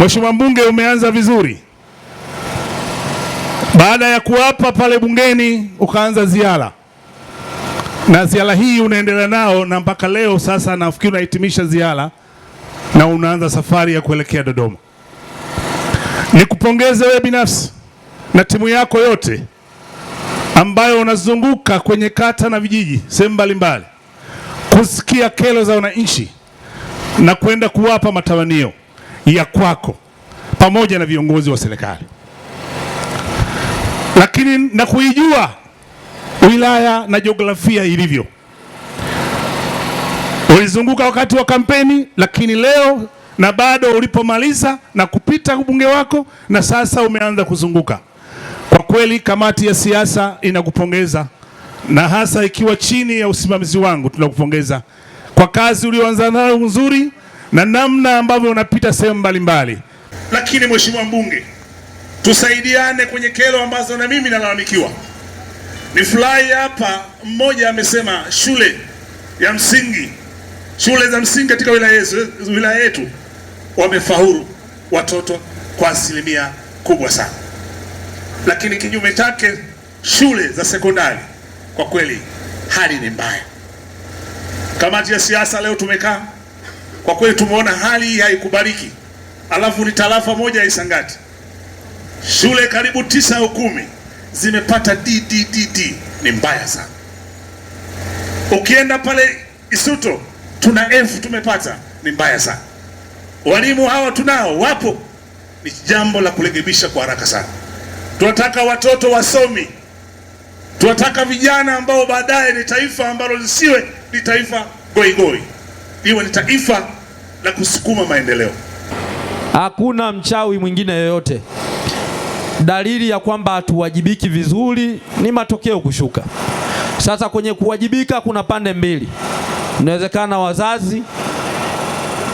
Mheshimiwa Mbunge, umeanza vizuri. Baada ya kuapa pale bungeni, ukaanza ziara na ziara hii unaendelea nao na mpaka leo sasa, nafikiri unahitimisha ziara na unaanza safari ya kuelekea Dodoma. Nikupongeze wewe binafsi na timu yako yote ambayo unazunguka kwenye kata na vijiji sehemu mbalimbali kusikia kelo za wananchi na kwenda kuwapa matamanio ya kwako pamoja na viongozi wa serikali, lakini na kuijua wilaya na jiografia ilivyo. Ulizunguka wakati wa kampeni, lakini leo na bado ulipomaliza na kupita ubunge wako na sasa umeanza kuzunguka. Kwa kweli, kamati ya siasa inakupongeza na hasa ikiwa chini ya usimamizi wangu tunakupongeza kwa kazi ulioanza nayo nzuri na namna ambavyo unapita sehemu mbalimbali. Lakini mheshimiwa mbunge, tusaidiane kwenye kero ambazo na mimi nalalamikiwa. Ni furahi hapa, mmoja amesema shule ya msingi, shule za msingi katika wilaya yetu wamefaulu watoto kwa asilimia kubwa sana, lakini kinyume chake shule za sekondari kwa kweli hali ni mbaya. Kamati ya siasa leo tumekaa kwa kweli tumeona hali hii haikubaliki. Alafu ni tarafa moja ya Isangati, shule karibu tisa au kumi zimepata DDDD. Ni mbaya sana. Ukienda pale Isuto tuna F tumepata, ni mbaya sana. Walimu hawa tunao, wapo, ni jambo la kurekebisha kwa haraka sana. Tunataka watoto wasomi, tunataka vijana ambao baadaye ni taifa ambalo lisiwe ni taifa goigoi goi liwe ni taifa la kusukuma maendeleo. Hakuna mchawi mwingine yoyote. Dalili ya kwamba hatuwajibiki vizuri ni matokeo kushuka. Sasa kwenye kuwajibika kuna pande mbili, inawezekana wazazi,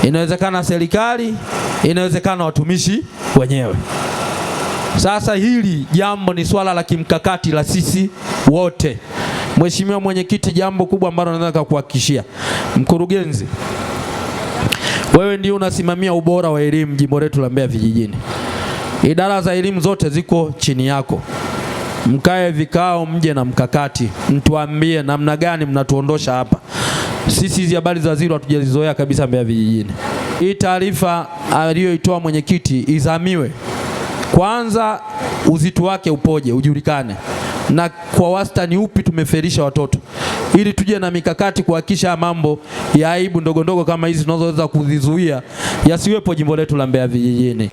inawezekana serikali, inawezekana watumishi wenyewe. Sasa hili jambo ni swala la kimkakati la sisi wote. Mheshimiwa Mwenyekiti, jambo kubwa ambalo nataka kuhakikishia mkurugenzi, wewe ndio unasimamia ubora wa elimu jimbo letu la Mbeya vijijini. Idara za elimu zote ziko chini yako, mkae vikao, mje na mkakati, mtuambie namna gani mnatuondosha hapa. Sisi hizi habari za zero hatujazizoea kabisa Mbeya vijijini. Hii taarifa aliyoitoa mwenyekiti izamiwe kwanza, uzito wake upoje ujulikane na kwa wastani upi tumeferisha watoto, ili tuje na mikakati kuhakikisha mambo ya aibu ndogondogo kama hizi tunazoweza kuzizuia yasiwepo jimbo letu la Mbeya vijijini.